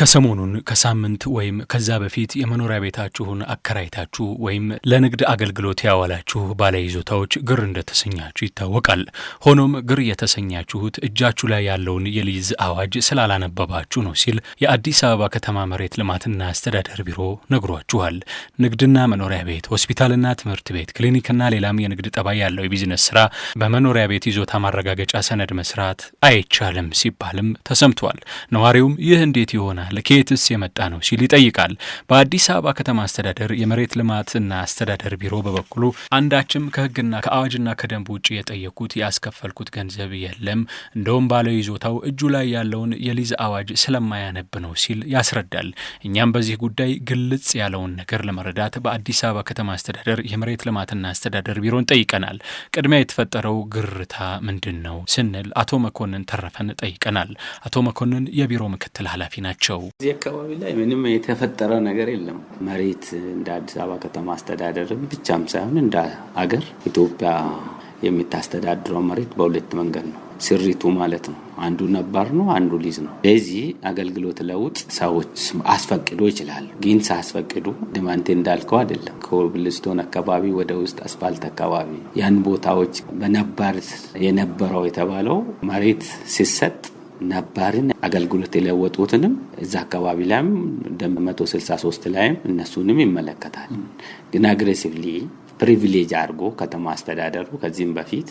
ከሰሞኑን ከሳምንት ወይም ከዛ በፊት የመኖሪያ ቤታችሁን አከራይታችሁ ወይም ለንግድ አገልግሎት ያዋላችሁ ባለይዞታዎች ግር እንደተሰኛችሁ ይታወቃል። ሆኖም ግር የተሰኛችሁት እጃችሁ ላይ ያለውን የሊዝ አዋጅ ስላላነበባችሁ ነው ሲል የአዲስ አበባ ከተማ መሬት ልማትና አስተዳደር ቢሮ ነግሯችኋል። ንግድና መኖሪያ ቤት፣ ሆስፒታልና ትምህርት ቤት፣ ክሊኒክና ሌላም የንግድ ጠባይ ያለው የቢዝነስ ስራ በመኖሪያ ቤት ይዞታ ማረጋገጫ ሰነድ መስራት አይቻልም ሲባልም ተሰምቷል። ነዋሪውም ይህ እንዴት ይሆናል ነህ? ለከየትስ የመጣ ነው? ሲል ይጠይቃል። በአዲስ አበባ ከተማ አስተዳደር የመሬት ልማትና አስተዳደር ቢሮ በበኩሉ አንዳችም ከህግና ከአዋጅና ከደንብ ውጭ የጠየኩት ያስከፈልኩት ገንዘብ የለም፣ እንደውም ይዞታው እጁ ላይ ያለውን የሊዝ አዋጅ ስለማያነብ ነው ሲል ያስረዳል። እኛም በዚህ ጉዳይ ግልጽ ያለውን ነገር ለመረዳት በአዲስ አበባ ከተማ አስተዳደር የመሬት ልማትና አስተዳደር ቢሮን ጠይቀናል። ቅድሚያ የተፈጠረው ግርታ ምንድን ነው ስንል አቶ መኮንን ተረፈን ጠይቀናል። አቶ መኮንን የቢሮ ምክትል ኃላፊ ናቸው። ናቸው። እዚህ አካባቢ ላይ ምንም የተፈጠረ ነገር የለም። መሬት እንደ አዲስ አበባ ከተማ አስተዳደርም ብቻም ሳይሆን እንደ አገር ኢትዮጵያ የምታስተዳድረው መሬት በሁለት መንገድ ነው ስሪቱ ማለት ነው። አንዱ ነባር ነው፣ አንዱ ሊዝ ነው። ለዚህ አገልግሎት ለውጥ ሰዎች አስፈቅዶ ይችላሉ። ግን ሳስፈቅዱ ድማንቴ እንዳልከው አይደለም። ኮብልስቶን አካባቢ ወደ ውስጥ አስፋልት አካባቢ ያን ቦታዎች በነባር የነበረው የተባለው መሬት ሲሰጥ ነባርን አገልግሎት የለወጡትንም እዛ አካባቢ ላይም ደንብ 163 ላይም እነሱንም ይመለከታል። ግን አግሬሲቭሊ ፕሪቪሌጅ አድርጎ ከተማ አስተዳደሩ ከዚህም በፊት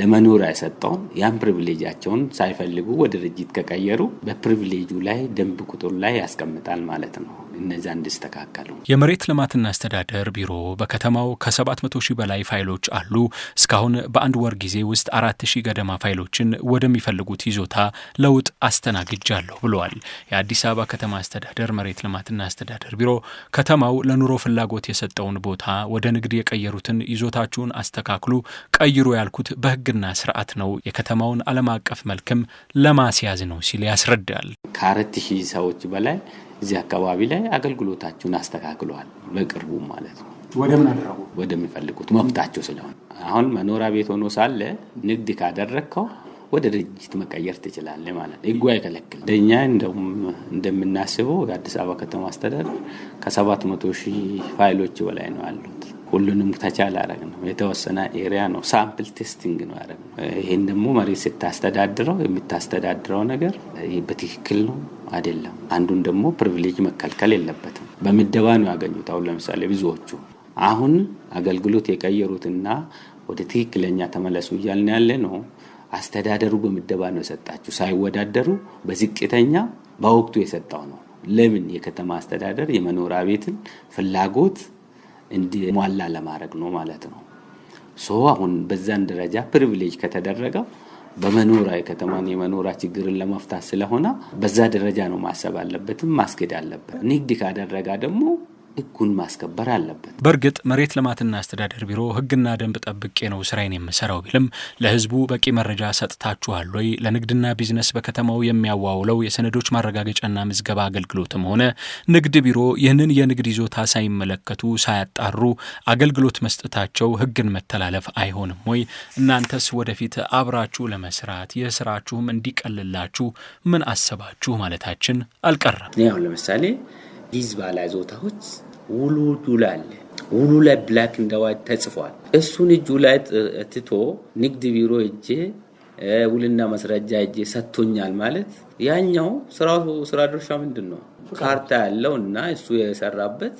ለመኖሪያ የሰጠውን ያን ፕሪቪሌጃቸውን ሳይፈልጉ ወደ ድርጅት ከቀየሩ በፕሪቪሌጁ ላይ ደንብ ቁጥሩ ላይ ያስቀምጣል ማለት ነው። እነዚያ እንዲስተካከሉ። የመሬት ልማትና አስተዳደር ቢሮ በከተማው ከ700 ሺህ በላይ ፋይሎች አሉ። እስካሁን በአንድ ወር ጊዜ ውስጥ አራት ሺህ ገደማ ፋይሎችን ወደሚፈልጉት ይዞታ ለውጥ አስተናግጃለሁ ብለዋል። የአዲስ አበባ ከተማ አስተዳደር መሬት ልማትና አስተዳደር ቢሮ ከተማው ለኑሮ ፍላጎት የሰጠውን ቦታ ወደ ንግድ የቀየሩትን ይዞታችሁን አስተካክሉ ቀይሩ ያልኩት በህግና ስርዓት ነው። የከተማውን ዓለም አቀፍ መልክም ለማስያዝ ነው ሲል ያስረዳል። ከአራት ሺህ ሰዎች በላይ እዚህ አካባቢ ላይ አገልግሎታቸውን አስተካክለዋል። በቅርቡ ማለት ነው ወደምን አደረጉ ወደሚፈልጉት መብታቸው ስለሆነ አሁን መኖሪያ ቤት ሆኖ ሳለ ንግድ ካደረግከው ወደ ድርጅት መቀየር ትችላለህ ማለት ነው። ህጉ አይከለክልም። ለእኛ እንደምናስበው የአዲስ አበባ ከተማ አስተዳደር ከሰባት መቶ ሺህ ፋይሎች በላይ ነው ያሉ ሁሉንም ተቻለ አረግ ነው። የተወሰነ ኤሪያ ነው፣ ሳምፕል ቴስቲንግ ነው ያረግ ነው። ይህን ደግሞ መሬት ስታስተዳድረው የምታስተዳድረው ነገር በትክክል ነው አይደለም፣ አንዱን ደግሞ ፕሪቪሌጅ መከልከል የለበትም። በምደባ ነው ያገኙት። አሁን ለምሳሌ ብዙዎቹ አሁን አገልግሎት የቀየሩትና ወደ ትክክለኛ ተመለሱ እያልን ያለ ነው። አስተዳደሩ በምደባ ነው የሰጣችሁ፣ ሳይወዳደሩ በዝቅተኛ በወቅቱ የሰጠው ነው። ለምን የከተማ አስተዳደር የመኖሪያ ቤትን ፍላጎት እንዲሟላ ለማድረግ ነው ማለት ነው። ሶ አሁን በዛን ደረጃ ፕሪቪሌጅ ከተደረገ በመኖሪያ የከተማን የመኖሪያ ችግርን ለመፍታት ስለሆነ በዛ ደረጃ ነው ማሰብ አለበትም ማስገድ አለበት። ንግድ ካደረጋ ደግሞ ህጉን ማስከበር አለበት። በእርግጥ መሬት ልማትና አስተዳደር ቢሮ ህግና ደንብ ጠብቄ ነው ስራዬን የምሰራው ቢልም ለህዝቡ በቂ መረጃ ሰጥታችኋል ወይ? ለንግድና ቢዝነስ በከተማው የሚያዋውለው የሰነዶች ማረጋገጫና ምዝገባ አገልግሎትም ሆነ ንግድ ቢሮ ይህንን የንግድ ይዞታ ሳይመለከቱ ሳያጣሩ አገልግሎት መስጠታቸው ህግን መተላለፍ አይሆንም ወይ? እናንተስ ወደፊት አብራችሁ ለመስራት የስራችሁም እንዲቀልላችሁ ምን አሰባችሁ ማለታችን አልቀረም። ለምሳሌ ዲዝ ባላይዞታዎች ውሉ ዱላል ውሉ ላይ ብላክ ኤንድ ተጽፏል። እሱን እጁ ላይ ትቶ ንግድ ቢሮ እጄ ውልና ማስረጃ እጄ ሰጥቶኛል ማለት ያኛው ስራ ድርሻ ምንድን ነው? ካርታ ያለው እና እሱ የሰራበት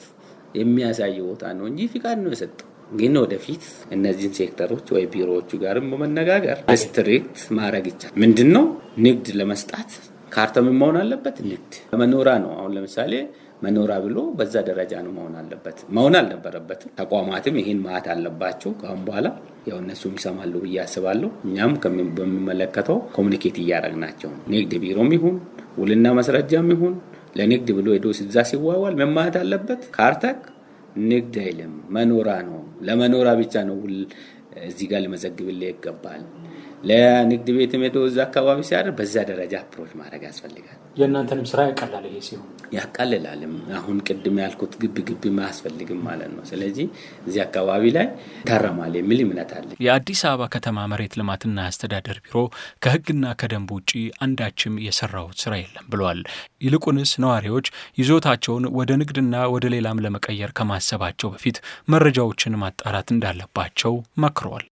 የሚያሳይ ቦታ ነው እንጂ ፍቃድ ነው የሰጠው። ግን ወደፊት እነዚህን ሴክተሮች ወይ ቢሮዎቹ ጋርም በመነጋገር ስትሪክት ማድረግ ይቻል። ምንድን ነው ንግድ ለመስጣት ካርታ መሆን አለበት። ንግድ መኖራ ነው። አሁን ለምሳሌ መኖሪያ ብሎ በዛ ደረጃ ነው መሆን አለበት። መሆን አልነበረበትም። ተቋማትም ይህን ማት አለባቸው። ከአሁን በኋላ ያው እነሱም ይሰማሉ ብዬ አስባለሁ። እኛም በሚመለከተው ኮሚኒኬት እያደረግናቸው ንግድ ቢሮም ይሁን ውልና መስረጃም ይሁን ለንግድ ብሎ ሄዶ ስዛ ሲዋዋል ምን ማለት አለበት? ካርታክ ንግድ አይልም መኖራ ነው። ለመኖራ ብቻ ነው ውል እዚህ ጋር ልመዘግብል ይገባል። ለንግድ ቤትም ሄዶ እዛ አካባቢ ሲያደር በዛ ደረጃ አፕሮች ማድረግ ያስፈልጋል። የእናንተንም ስራ ያቀላል። ይሄ ሲሆን ያቃልላልም። አሁን ቅድም ያልኩት ግቢ ግቢ አያስፈልግም ማለት ነው። ስለዚህ እዚህ አካባቢ ላይ ታረማል የሚል እምነት አለ። የአዲስ አበባ ከተማ መሬት ልማትና አስተዳደር ቢሮ ከህግና ከደንብ ውጭ አንዳችም የሰራሁት ስራ የለም ብሏል ይልቁንስ ነዋሪዎች ይዞታቸውን ወደ ንግድና ወደ ሌላም ለመቀየር ከማሰባቸው በፊት መረጃዎችን ማጣራት እንዳለባቸው መክረዋል።